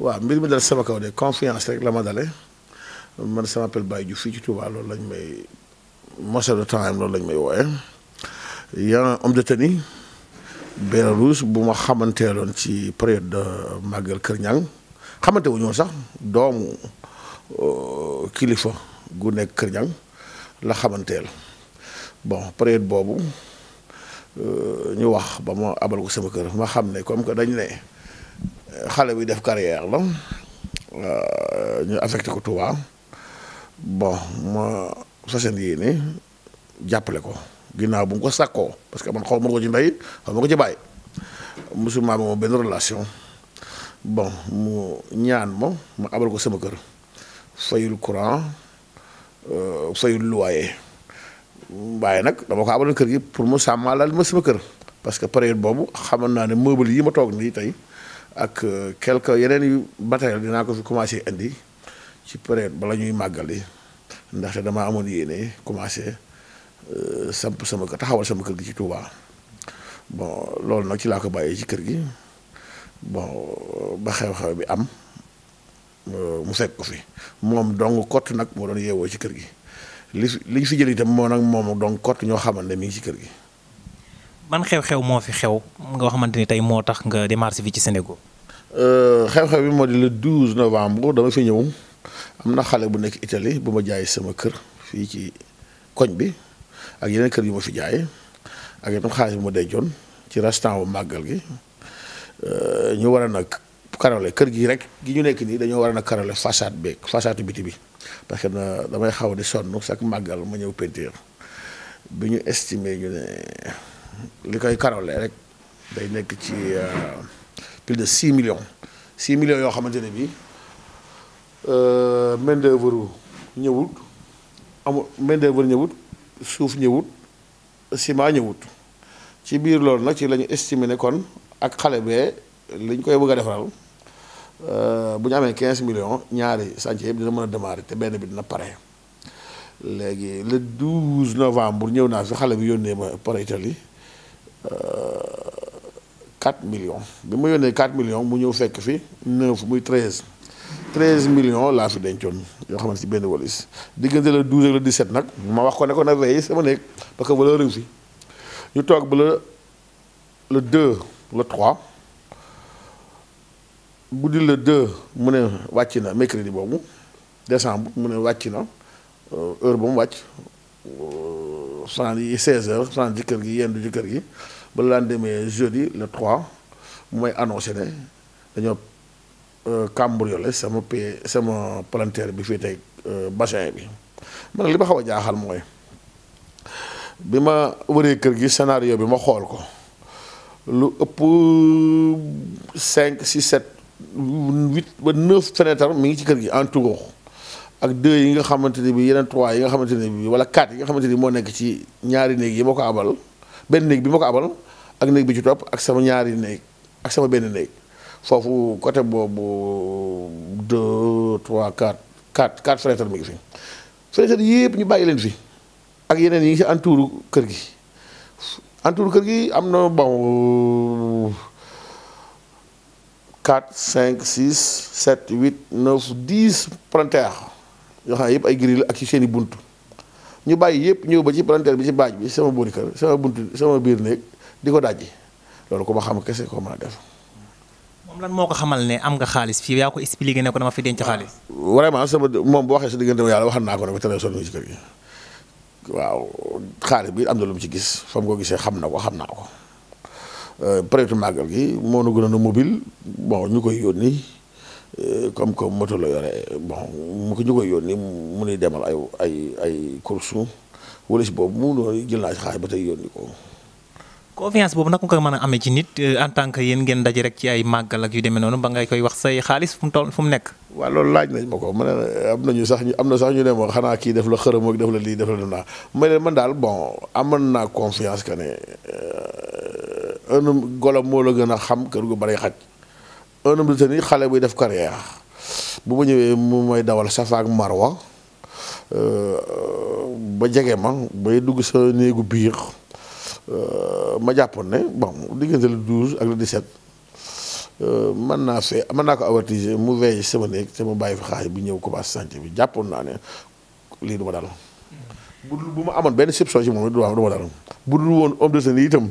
waaw mbir mi dal sama kaw de confiance rek la ma dale man sama appel Baye Diouf fii ci Touba loolu lañ may mosal de temps loolu lañ may wooye yaa homme de tenue benn rouge bu ma xamanteeloon ci période de màggal Kër Ñang xamante wu sax doomu euh, kilifa gu nekk Kër Ñang la xamanteel bon période boobu euh, ñu wax ba ma abal ko sama kër ma xam ne comme que dañ ne xale bi def carrière la euh, ñu affecté ko Touba bon ma sa seen yéene jàppale ko ginnaaw bu mu ko sakkoo parce que man xaw ma ko ci ndey xaw ma ko ci bàyyi musulman bi moom benn relation bon mu ñaan ma mu abal ko sama kër fayul courant euh, fayul loyer waaye nag dama ko abaloon kër gi pour mu sàmmalal ma sama kër parce que période boobu xamoon naa ne meuble yi ma toog nii tey ak euh, quelque yeneen yu matériel dinaa ko fi commencé indi ci période bala ñuy màggali ndaxte damaa amoon yéene commencé euh, samp sama kër taxawal sama kër gi ci Touba bon loolu nag ci laa ko bàyyee ci kër gi bon ba xew-xew bi am euh, mu fekk ko fi moom dong kott nag moo doon yeewoo ci kër gi li li ñu fi jël itam moo nag moom dong kott ñoo xamante ne mi ngi ci kër gi. man xew-xew moo fi xew nga xamante ni tey moo tax nga démarché fii ci Sénégal. Euh, xew-xew bi moo di le 12 novembre dama fi ñëw am na xale bu nekk Italie bu ma jaay sama kër fii ci koñ bi ak yeneen kër yi ma fi jaay ak itam xaalis bu ma dencoon ci restaurant bu màggal gi euh, ñu war a nag karole kër gi rek gi ñu nekk nii dañoo war a nag karole façade beeg façade bi parce na damay xaw di sonn sax màggal ma ñëw peinture bi ñu estimé ñu ne. li koy karole rek day nekk ci euh, plus de six millions six millions yoo xamante ne bii euh, main d'œuvre ñëwut amul main d'œuvre ñëwut suuf ñëwut ciment ñëwut ci biir loolu nag ci lañu ñu nekkoon ak xale bee li ñu koy bëgg a defaral euh, bu ñu amee quinze million ñaari chantier yëpp dina mën a démarrer te benn bi dina pare léegi le 12 novembre ñëw naa fi xale bi yónnee ma pare Italie 4 euh, millions bi ma yónnee 4 millions mu ñëw fekk fi 9 muy 13 13 millions laa fi dencoon yoo xamante ci benn walis diggante le 12 ak le 17 nag ma wax ko ne ko na veillé sama néeg parce que valeur réew fi ñu toog ba le le 2 le 3 guddi le 2 mu ne wàcc na crédit boobu décembre mu ne wàcc na euh, heure ba mu wàcc. Euh, soxna yi 16h soxna ci kër gi yendu ci kër gi ba lendemain jeudi le 3 mu may annoncé ne dañoo euh, cambriolé sama paie sama palanteer bi fii tey euh, bassin bi man li ma xaw a jaaxal mooy bi ma wëree kër gi scénario bi ma xool ko lu ëpp 5 6 7 8 ba 9 fenêtre mi ngi ci kër gi en tout ak deux yi nga xamante ne bi yeneen trois yi nga xamante ne bi wala quatre yi nga xamante ni moo nekk ci ñaari néeg yi ma ko abal benn néeg bi ma ko abal ak néeg bi ci topp ak sama ñaari néeg ak sama benn néeg foofu côté boobu deux trois quatre quatre quatre fenêtre mi ngi fi fenêtre yëpp ñu bàyyi leen fi ak yeneen yi ngi si entouru kër gi entouru kër gi am na bon quatre cinq six sept huit neuf dix parterres yoo xam ne yëpp ay grill ak ci seeni bunt ñu bàyyi yëpp ñëw ba ci palanteer bi ci baaj bi sama boori sama bunt sama biir néeg di ko dajji loolu ko ma xam kese ko man a def. moom lan moo ko xamal ne am nga xaalis fii yaa ko expliqué ne ko dama fi denc xaalis. vraiment sama moom bu waxee sa diggante yàlla waxal naa ko rek ba teel a sonn ci kër gi waaw xaalis bi am na lu mu ci gis fa mu ko gisee xam na ko xam naa ko. peut-être màggal gi moo nu gën a mobile bon ñu koy yónni. Euh, comme que moto la yore bon mu ko ñu koy yónni mu nuy demal ay ay ay course wala si boobu mu doon jël naa si xaay ba tey yónni ko. confiance boobu nag nga mën a amee ci nit euh, en tant que yéen ngeen daje rek ci ay màggal ak yu demee noonu ba ngay koy wax say xaalis fu mu toll fu mu nekk. waaw loolu laaj nañ ma ko ma ne am sax ñu am na sax ñu ne ma xanaa kii def la xërëm ak def la lii def la naa ma ne man daal bon amoon naa confiance que ne euh, golo moo la gën a xam kër gu bari xaj. un homme de tenue xale buy def carrière bu ma ñëwee mu may dawal safa ak marwa euh, ba jege ma bay dugg sa néegu biir euh, ma jàppoon ne bon diggante le 12 ak le 17 euh, mën naa fee man naa ko avertir mu veillé sama néeg te bàyyi fi xaalis bi ñëw commencé sànc bi jàppoon naa ne lii du ma dal bu bu ma amoon benn soupçon ci moom du ma dara bu dul woon homme de tenue itam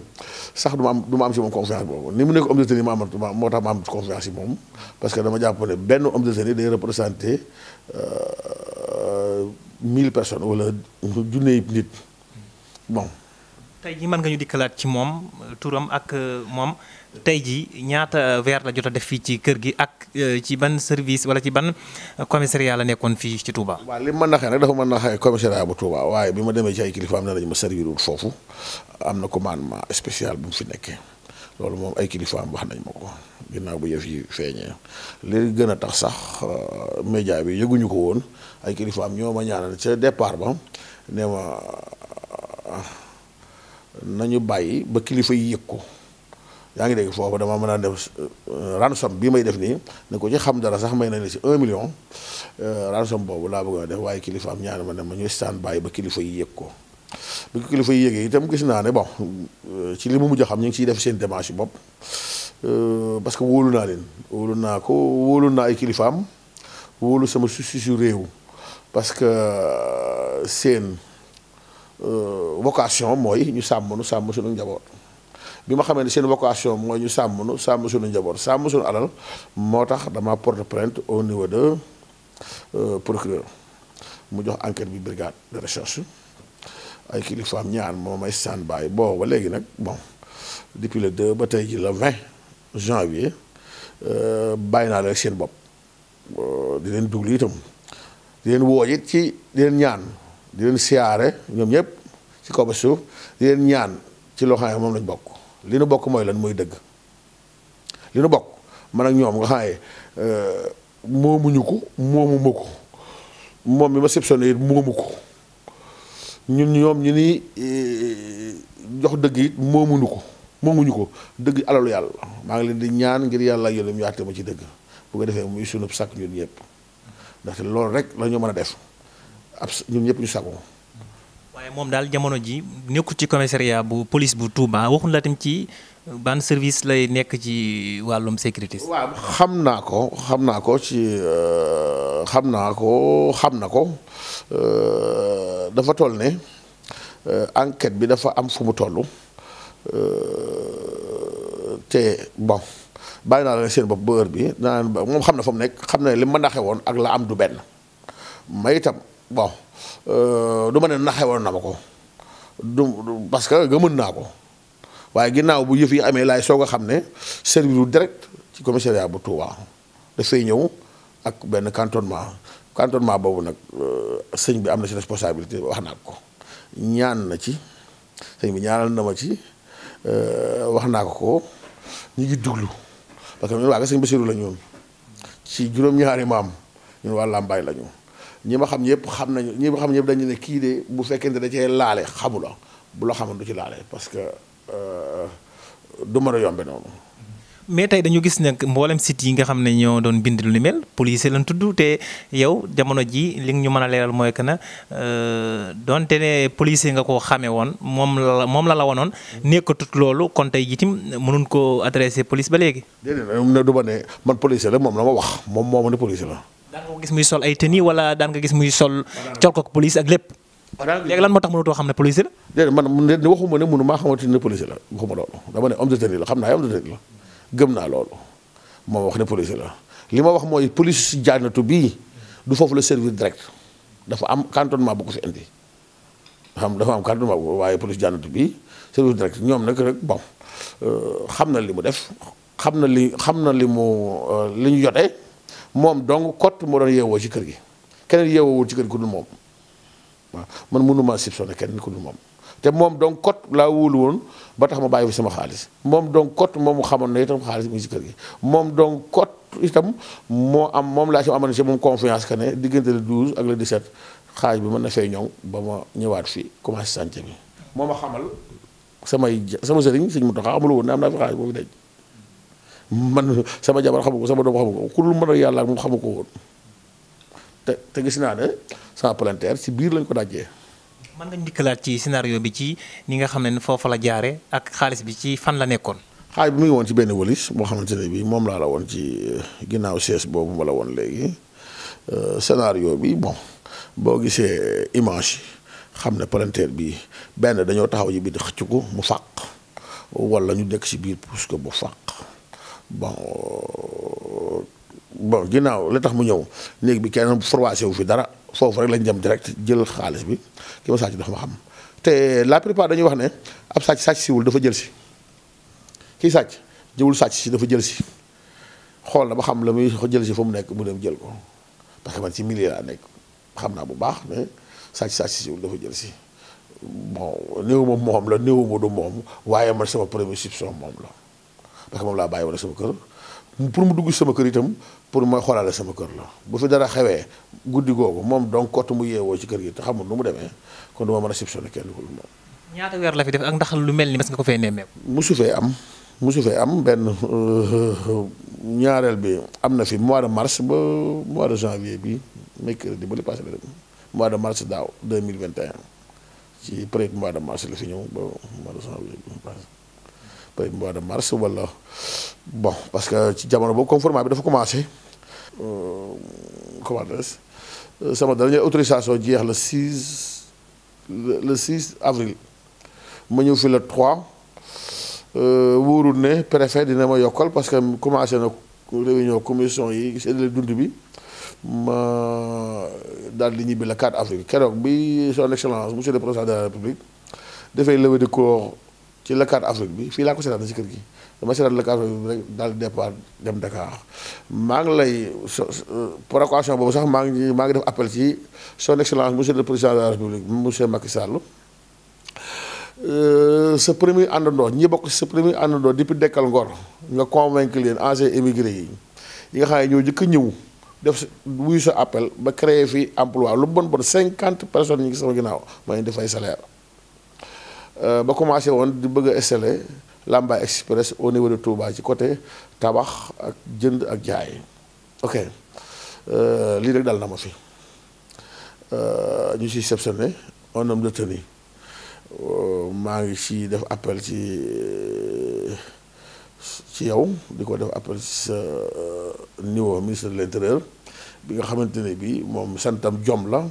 sax du ma am du ma am ci moom confiance boobu ni mu nekk homme de tenue ma am moo tax ma am confiance ci moom parce que dama jàpp ne benn homme de tenue day représenter euh, mille personnes wala junne yi nit bon. tey ji mën nga ñu dikkalaat ci moom turam ak euh, moom tey ji ñaata euh, weer la jot a def fii ci kër gi ak euh, ci ban service wala ci ban commissariat la nekkoon fii ci Touba. waaw li ma naxee nag dafa ma naxee commissariat bu Touba waaye bi ma demee ci ay kilifa am na lañu ma servirul foofu am na commandement spécial bu mu fi nekkee loolu moom ay kilifaam wax nañ ma ko ginnaaw bu yëf yi feeñee li gën a tax sax média bi yëguñu ko woon ay kilifaam ñoo ma ñaanal ca départ ba nee ma. nañu bàyyi ba kilifa yi yëg ko yaa ngi dégg foofu dama mën a def euh, ransom bi may def nii ne ko ci xam dara sax may nañ la si un million euh, ransom boobu laa bëgg a def waaye kilifa am ñaar ma ne ma ñu staan bàyyi ba kilifa yi yëg ko kilifa yi yëgee itam gis naa ne bon euh, ci li mu mujj xam ñu ngi ciy def seen démarche bopp parce que wóolu naa leen wóolu naa ko wóolu naa ay kilifaam wóolu sama suuf su réew parce que seen. Euh, vocation mooy ñu sàmm nu sàmm suñu njaboot bi ma xamee ne seen vocation mooy ñu sàmm nu sàmm suñu njaboot sàmm suñu alal moo tax dama porte plainte au niveau de euh, procureur mu jox enquête bi brigade de recherche ay kilifaam ñaar moo may stand by booba léegi nag bon depuis le 2 ba tey ji le 20 janvier euh, bàyyi naa leen seen bopp di leen dugli itam di leen woo it ci di leen ñaan di leen siyaare ñoom ñëpp ci kaw ba suuf di leen ñaan ci loo xam ne moom lañ bokk li nu bokk mooy lan mooy dëgg li nu bokk man ak ñoom nga xam ne euh, moomuñu ko moomu ko moom mi ma soupçonné moomu ko ñun ñoom ñu ni euh, jox dëgg it moomuñu ko moomuñu ko dëgg alalu yàlla maa ngi leen di ñaan ngir yàlla yolum yaate ma ci dëgg bu ko defee muy sunub sàkk ñun ñëpp ndaxte loolu rek la mën a def ab ñun ñëpp ñu sagoo. waaye moom daal jamono ji nekkul ci commissariat bu police bu Touba waxuñu la tam ci bann service lay nekk ci wàllum sécurité. waaw xam naa ko xam naa ko ci euh, xam naa ko xam na ko euh, dafa toll ne euh, enquête bi dafa am fu mu toll te bon bàyyi naa la seen bopp ba bi moom xam na fa mu nekk xam na li ma ndaxe woon ak la am du benn may itam. bon euh, du ma ne naxewoon na ma ko du parce que gëmën naa ko waaye ginnaaw bu yëf yi amee laay soo a xam ne service du direct ci commissariat bu Touba dafay ñëw ak benn cantonement cantonnement boobu nag euh, sëñ bi am na ci responsabilité wax naa ko ñaan na ci sëñ bi ñaanal na ma ci euh, wax naa ko ko ñu ngi duglu parce que ñun waa sëñ Bassirou la ñoom ci juróom-ñaari maam ñun waa Lambaye la ñu. ñi ma xam ñëpp xam nañu ñi ma xam ñëpp dañu ne kii de bu fekkente da cee laale xamu la bu la xamoon du ci laale parce que euh, du mën a yombe noonu. mais tey dañu gis nag mboolem sit yi nga xam ne ñoo doon bind lu ni mel policier lañ tudd te yow jamono ji li ñu mën a leeral mooy que na euh, donte ne policier nga koo xamee woon moom la moom la la wanoon nekkatut loolu kon tey jitim mënuñ ko adressé police ba léegi. du ma ne man policier la moom la ma wax moom moo ma ne la. daan nga ko gis muy sol ay tenue wala daan nga gis muy sol col ko police ak lépp léegi lan moo tax mënutoo xam ne police la déedéet man waxuma ne mënu maa xamante ne police la waxuma loolu dama ne homme de tenue la xam naa homme de tenue la gëm naa loolu moom wax ne police la li ma wax mooy police jaanatu bi du foofu la service direct dafa am cantonnement bu ko fi indi xam dafa am cantonnement bu waaye police jaanatu bi service direct ñoom nag rek bon euh, xam na li mu def xam na li xam na li mu euh, li ñu jotee moom dong kott moo doon yeewoo ci kër gi keneen yeewoowul ci kër gi ku dul moom waa man mënuma soupçonné keneen ku dul moom te moom donc kot laa wóolu woon ba tax ma bàyyi fi sama xaalis moom donc kot moom xamoon na itam xaalis mu ngi ci kër gi moom donc kot itam moo am moom laa ci amoon ci moom confiance que ne diggante le 12 ak di 17 xaaj bi mën na fay ñoŋ ba ma ñëwaat fii commencé sànce bi. moo ma xamal samay ja sama sëriñ sëñ mu tax amul woon ne am naa fi xaalis boobu denc. man sama jabar xamu ko sama doom xamu ko ku lu mën a yàlla ak mu xamu ko woon te te gis naa ne sans palanteer si biir lañ ko dajee. man nga ndikkalaat ci scénario bi ci ni nga xam ne foofa la jaare ak xaalis bi ci fan la nekkoon. xaalis bi mu woon ci benn walis boo xamante ne bii moom laa woon ci eh, ginnaaw sees boobu ma la woon léegi euh, scénario bi bon boo gisee image xam ne palanteer bi benn dañoo taxaw ci biir xëcc ko mu fàq wala ñu nekk ci biir puus ko mu fàq bon bon ginnaaw la tax mu ñëw néeg bi kenn formation wu fi dara foofu rek lañ dem direct jël xaalis bi ki ma sàcc dafa ma xam te la plupart dañuy wax ne ab sàcc sàcc siwul dafa jël si kii sàcc jëwul sàcc si dafa jël si xool na ba xam la muy jël si fa mu nekk mu dem jël ko parce que man ci milieu laa nekk xam naa bu baax mais sàcc sàcc siwul dafa jël si bon néew ma moom la néew ma du moom waaye man sama première soupçon moom la ndax moom laa bàyyi woon sama kër pour mu dugg sama kër itam pour ma xoolaale sama kër la bu fi dara xewee guddi googu moom donc kott mu yeewoo ci kër gi te xamul nu mu demee kon du ma a soupçonné kenn ku moom. ñaata weer la fi lu mel ni mas nga ko fay nemmeeku. musu fee am musu am benn ñaareel bi am na fi mois de mars ba mois de janvier bi mercredi di li passé la dem mois de mars daaw 2021 ci peut-être mois de mars la fi ñëw ba mois de janvier bi passé koy mois de mars wala bon parce que ci jamono boobu comme format bi dafa commencé euh, comment dirais euh, sama autorisation jeex le 6 le 6 avril ma ñëw fi le 3 euh, wóorul ne préfet dina ma yokkal parce que commencé na réunion commission yi seddale dund bi ma daal di ñibbi le 4 avril keroog bi son excellence monsieur le président de la république dafay levée de corps ci le 4 avril bi fii laa ko seetaan ci kër gi dama seetaan le 4 avril bi rek daal di dem Dakar maa ngi lay pour boobu sax maa ngi maa ngi def appel ci son excellence monsieur le président de la république monsieur Macky Sall euh, sa premier àndandoo ñi bokk si sa premier àndandoo depuis dekkal ngor nga convaincre leen anciens émigré yi yi nga xam ne ñoo jëkk ñëw def wuyu sa appel ba créer fii emploi lu bon bon cinquante personnes ñi ngi sama ginnaaw may def ay salaire Euh, ba commencé woon di bëgg a installé Lambaye Express au niveau de Touba ci côté tabax ak jënd ak jaay ok euh, lii rek dal na ma fi euh, ñu si soupçonné un homme de tenue maa ngi ci def appel ci ci yow di ko def appel ci sa niveau ministre de l'intérieur bi nga xamante ne bii moom santam jom la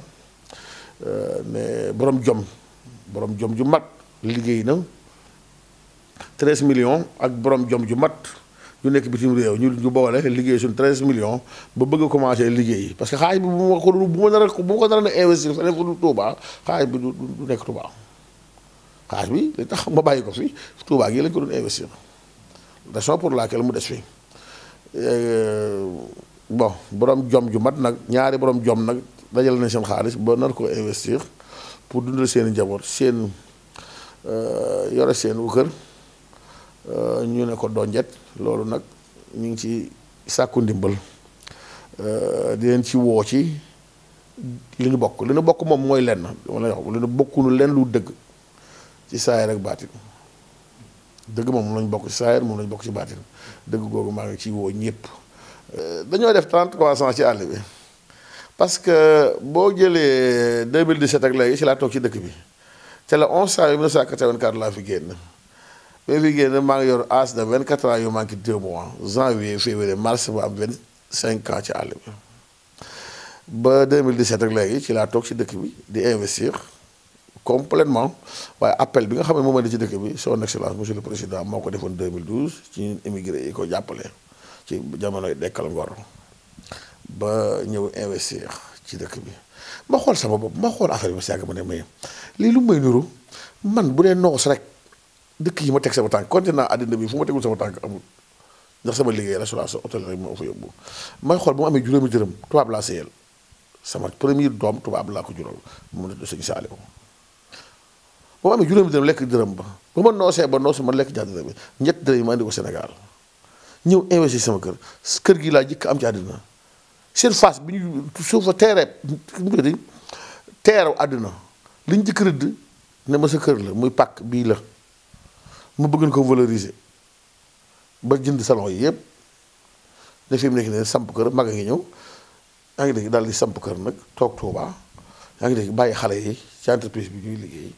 ne borom jom borom jom ju mag. liggéey na 13 million ak borom jom ju mat ñu nekk bitim réew ñu ñu boole liggéey suñu 13 millions ba bëgg commencé liggéey parce que xaalis bi bu ko bu ma ko nar a investir feneen fu dul Touba xaalis bi du du nekk Touba xaalis bi li tax ma bàyyi ko fi Touba gi ko doon investir raison pour laquelle mu des fi euh, bon jom ju mat nag ñaari borom jom nag dajal nañ seen xaalis ba nar ko investir pour dundal seen i njaboot seen. Euh, yore seen wu kër euh, ñu ne ko donjet loolu nag ñu ngi ci sàkku ndimbal euh, di leen ci woo ci li ñu bokk li ñu bokk moom mooy lenn dama lay wax li ñu bokkunu lenn lu dëgg ci saayir ak baatin dëgg moom lañ bokk ci saayir moom lañ bokk ci baatin dëgg googu maa ngi ciy woo ñëpp. dañoo def 3300 ci àll bi parce que boo jëlee 2017 ak léegi ci laa toog ci dëkk bi. te le 11 janvier 1984 laa fi génn ba fi génn maa ngi yor âge de 24 ans yu manqué 2 mois janvier février mars ba am 25 ans ci àll bi ba 2017 rek léegi ci laa toog ci dëkk bi di investir complètement waaye appel bi nga xam ne moom di ci dëkk bi son excellence monsieur le président moo ko defoon 2012 ci immigré yi ko jàppale ci jamonoy dekkal ngor ba ñëw investir ci dëkk bi. ma xool sama bopp ma xool affaire bi se yàgg ma ne mais lii lu may niru man bu dee noos rek dëkk yi ma teg sama tànk continent àddina bi fu ma tegul sama tànk amul ndax sama liggéey restauration hôtellerie moo fa yóbbu may xool bu ma amee juróomi dërëm tubaab laa seeyal sama premier doom tubaab laa ko juróom moom la sëñ Saaliw ba ma amee juróomi lekk dërëm ba ba ma noosee ba noos ma lekk jàdd dërëm bi ñett dërëm yi ma indi ko Sénégal ñëw investi sama kër kër gi laa jëkk am ci àddina surface bi ñu suufa teeree teeru àdduna li ñu jëkk rëdd ne ma sa kër la muy pakk bii la mu bëgg ko valoriser ba jënd salon yi yëpp ne fi mu nekk ne samp kër mag a ngi ñëw yaa ngi dégg daal di samp kër nag toog Tuuba yaa ngi dégg bàyyi xale yi ci entreprise bi ñuy liggéey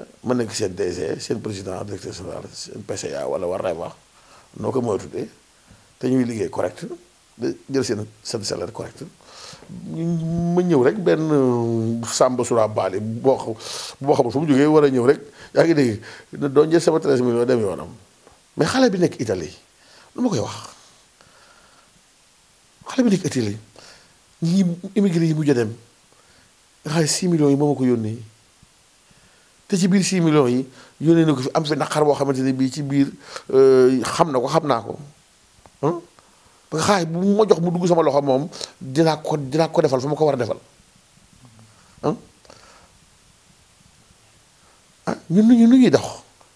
eh, ma nekk seen DG seen président directeur général seen PCA wala war naay wax noo ko mooy tuddee te ñuy liggéey correct jël seen seen salaire correct ma ñëw rek benn Samba Sura Bali boo boo xamul fu mu jógee war a ñëw rek yaa ngi dégg doo jël sama 13 millions dem yoonam mais xale bi nekk Italie lu ma koy wax xale bi nekk Italie ñi immigré yi mujj a dem nga xam ne 6 yi moom ma ko yónnee te ci biir 6 million yi yónnee na ko fi am fi naqar boo xamante ne bii ci biir euh, xam na ko xam naa ko. ba xaay bi mu ma jox mu dugg sama loxo moom dinaa ko dinaa ko defal fu ma ko war a defal ah ñun ñu nu ñuy dox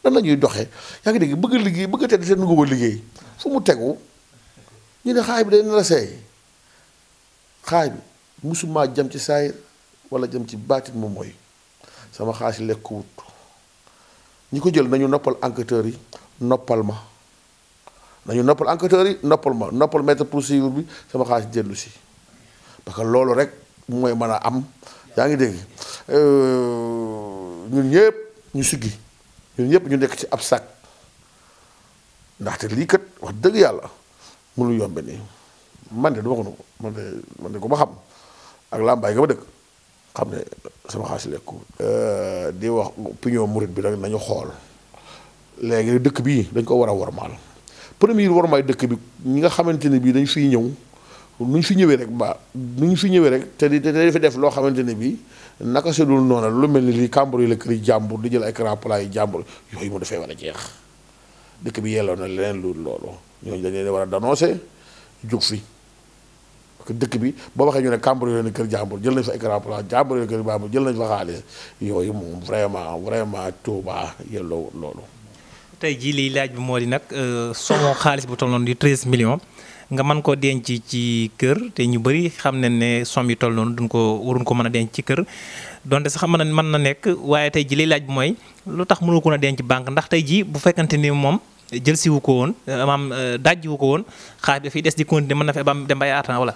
lan la ñuy doxee yaa gi bëgg a liggéey bëgg a tedd te nungu liggéey fu mu tegu ñu ne xaay bi day nar a seey xaay bi musuma jëm ci saayir walla jëm ci baatit moom mooy sama xaalis lekk wut ñu ko jël nañu noppal enquêteurs yi noppal ma nañu noppal enquêteurs yi noppal ma noppal maître procédure bi sama xaalis dellu si parce que loolu rek mooy mën a am yaa ngi dégg euh, ñun ñëpp ñu siggi ñun ñëpp ñu nekk ci ab sac ndaxte lii kat wax dëgg yàlla mënu yombe nii man de du duma ko nangu man de man de ku ma xam ak làmbaay nga ma dëkk xam ne sama xaalis lekku euh, di wax opinion murit bi rek nañu xool léegi dëkk bii dañ ko war a wormaal premier ay dëkk bi ñi nga xamante ne bii dañ fiy ñëw nu ñu fi ñëwee rek ba nu ñu fi ñëwee rek te di te di fi def loo xamante ne bii naka si dul noona lu mel ni lii kàmbur yi la kër yi jàmbur di jël ay crampla yi jàmbur yooyu mu dafay war a jeex dëkk bi yelloo na leneen lu loolu ñooñu dañ leen war a dénoncer jóg fi parce dëkk bi boo waxee ñu ne kàmbur yi kër jàmbur jël nañ fa ay crampla jàmbur yi la kër jël nañ fa xaalis yooyu moom vraiment vraiment Touba yelloo loolu. tey jii lii laaj bi moo di nag euh, somo xaalis bu toll noonu di treize millions nga man koo denc ci kër te ñu bëri xam ne ne somme yi toll noonu duñ ko waruñ ko mën a denc ci kër donte sax mën na mën na nekk waaye tey jii liy laaj mooy lu tax mënul ko mën denc banque ndax tey jii bu fekkante ni moom jël si ko woon euh, maam euh, dajji wu ko woon xaalis dafay des di continuer mën na fa dem bay aatan wala.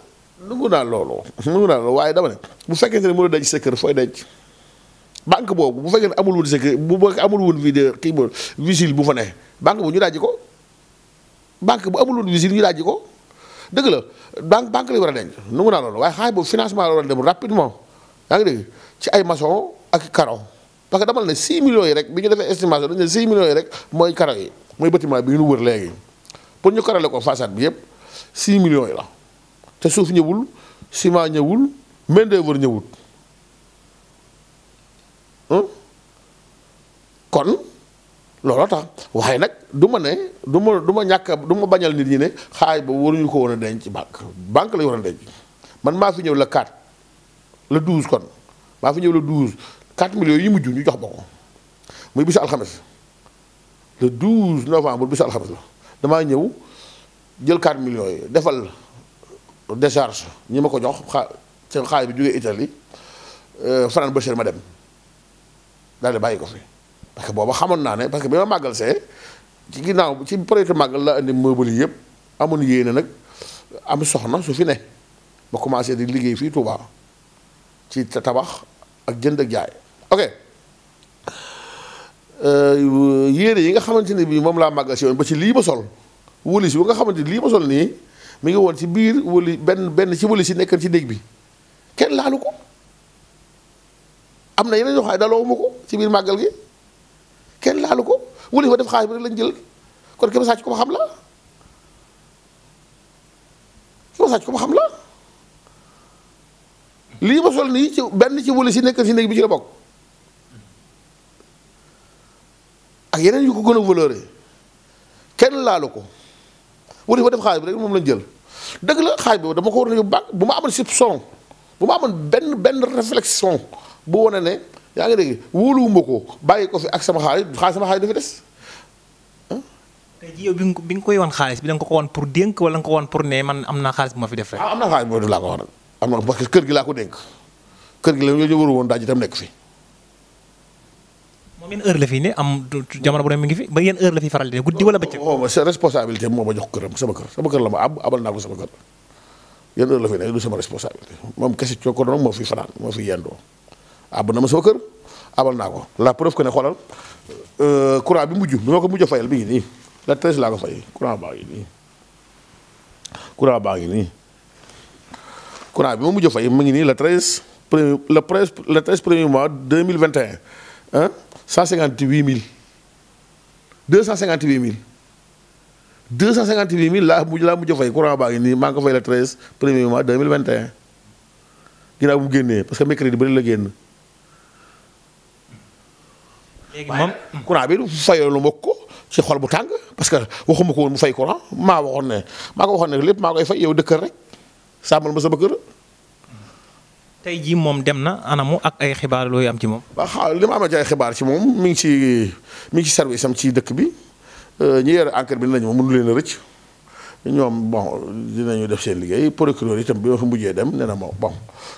nangu naa loolu nangu naa loolu waaye dama ne bu fekkente ne mënul denc sa kër fooy denc. banque boobu bu fekkee ne amul woon sécurité bu amul woon videur kii boobu vigile bu fa ne banque bu ñu dajji ko banque bu amul woon vigile ñu dajji ko dëgg la banque banque lay war a denc nu mu naa loolu waaye xaalis boobu financement la war a dem rapidement yaa ngi dégg ci ay maçon ak caro parce que damal ne 6 millions yi rek bi ñu defee estimation dañu ne 6 millions yi rek mooy caro yi mooy bâtiment bi ñu wër léegi pour ñu karale ko façade bi yëpp 6 millions yi la te suuf ñëwul ciment ñëwul main d'œuvre ñëwul. kon looloo tax waaye nag du ma ne du ma du ma ñàkk du ma bañal nit ñi ne xaalis boobu waruñu ko woon a denc banque banque la war a denc man maa fi ñëw la 4 le 12 kon maa fi ñëw la 12 4 millions yi mujj ñu jox ma ko muy bisu alxames le 12 novembre bisu alxames la damaa ñëw jël 4 millions yi defal décharge ñi ma ko jox xaa seen xaalis bi jógee Italie euh, Fran Bachir ma dem. daal bàyyi ko fi parce que booba xamoon naa ne parce que bi ma màggal see ci ginnaaw ci projet màggal la indi meuble yi yëpp amoon yéene nag am soxna su fi ne ba commencé di liggéey fii Touba ci tabax ak jënd ak jaay ok euh, yére yi nga xamante ni bii moom laa màggal si yoon ba ci lii ba sol wóoli si bu nga xamante ni lii ma sol nii mi ngi woon ci biir wóoli benn benn ci wóoli si nekkan ci néeg bi kenn laalu ko am na yeneen yoo xam ne dalawuma ko ci biir màggal gi kenn laalu ko wuli fa def xaalis bi rek lañ jël kon ki ma ko ma xam la ki ma ko ma xam la lii ma sol nii ci benn ci wuli si nekk si néeg bi ci la bokk ak yeneen yu ko gën a valeur kenn laalu ko wuli fa def xaalis bi rek moom lañ jël dëgg la xaalis bi dama ko war a yóbbu bu ma amoon si son bu ma amoon benn benn réflexion bu wane ne yaa ngi dégg wóoluwuma ko bàyyi ko fi ak sama xaalis xaalis sama xaalis dafa des. tey bi nga koy wan xaalis bi da nga ko wan pour dénk wala nga ko wan pour ne man am naa xaalis bu ma fi def rek. ah bu laa ko wax nag am na parce que kër gi laa fi. moom yenn heure la fi ne am jamono bu ne mi ngi fi ba yenn heure la faral di guddi wala bëccëg. oh responsabilité moo ma jox këram sama kër sama kër la ma moom kese coono moo fi fanaan moo fi yendoo àbb na ma soo kër abal naa ko la preuve que ne xoolal euh, courant bi mujj bi ma ko mujj a fayal bi ngi nii la treize laa ko fay courant baa ngi baa ngi nii courant bi ma mujj a fay mu ngi nii la treize premier la treize la treize premier mois deux mille vingt et un cent cinquante huit mille deux cent cinquante huit mille deux cent cinquante huit mille laa mujj laa mujj a fay courant baa ngi nii maa ngi ko fay la treize premier mois deux mille vingt et un ginnaaw que mercredi ba la génn. moom courant bi fayoo lu mbokk ko ci xol bu tàng parce que waxuma ko woon mu fay courant maa waxoon ne maa ko waxoon ne lépp maa koy fay yow dëkkal rek sàmmal ma sama kër. tey jii moom dem na anamu ak ay xibaar looy am ci moom. waaw li ma amee ci ay xibaar ci moom mi ngi ci mi ci service am ci dëkk bi euh, ñi yore enquête bi nañu ma mënu leen a rëcc ñoom bon dinañu def seen liggéey procureur itam bi ma fi mujjee dem nee na ma bon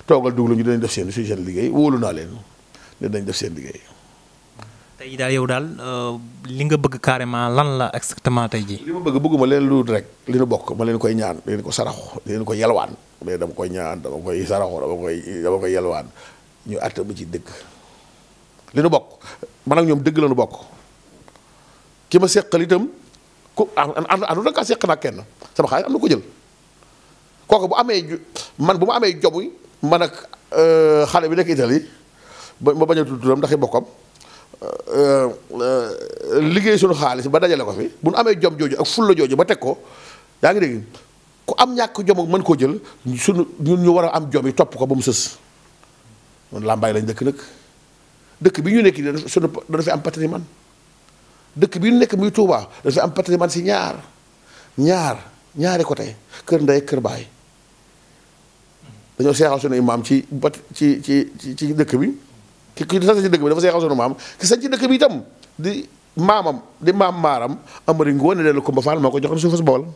toogal duglu ñu dinañ def seen suñu seen liggéey wóolu naa leen dañ def seen liggéey. tey daal yow daal euh, li nga bëgg carrément lan la exactement tey jii. li ma bëgg bëgguma leen lu rek li nu bokk ma leen koy ñaan leen ko saraxu leen ko yalwaan mais dama koy ñaan dama koy saraxu dama koy dama koy yalwaan ñu àtt bu ci dëgg bokk man ak ñoom dëgg la nu bokk ki ma seqal itam ku ànd àndul naa kenn sama xaalis am na ko jël kooku bu amee man bu ma amee jobuy man ak euh, xale bi nekk Italie ba ma bañ a tudd ndax i bokkam. Euh, euh, liggéey suñu xaalis ba dajale ko fi bu nu amee jom jooju ak fulla jooju ba teg ko yaa ngi dégg ku am ñàkk jom mën koo jël suñu ñun ñu war a am jom yi topp ko ba mu sës man làmbaay lañ dëkk nag dëkk bi ñu nekk nii suñu dana fi am dëkk bi nekk muy tuubaa dana fi am patrimoine si ñaar ñaar ñaari côté kër ndey kër baay dañoo seexal suñu imaam ci bat ci ci ci dëkk bi ki ki sañ ci dëkk bi dafa seexal sunu maam ki sañ ci dëkk bi itam di maamam di maam maaram amari ngoone dellu Kumba Faal moo ko joxoon suufas Bawol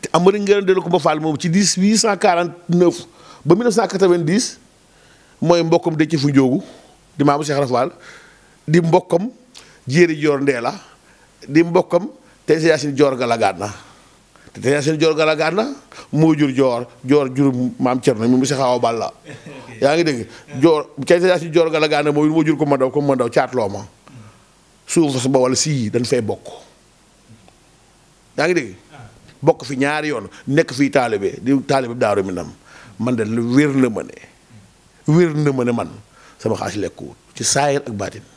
te amari ngoone dellu Kumba Faal moom ci 1849 ba 1990 mooy mbokkam de dëcc fu njóogu di maamu Seex Ibra Faal di mbokkam jéeri joor la di mbokkam te si yaasin joor galagaat na te tey seen joor gala moo jur joor joor jur maam Thierno mi mu si xaw a yaa ngi dégg. joor tey seen joor gala gànna mooy moo jur ko ma daw ko ma daw caatloo ma suuf ba wala sii dañ fay bokk yaa ngi dégg. bokk fi ñaari yoon nekk fii taalibe di taalibe daaru mi nam man de wér na ma ne wér na man sama xaalis lekku ci saayir ak baatin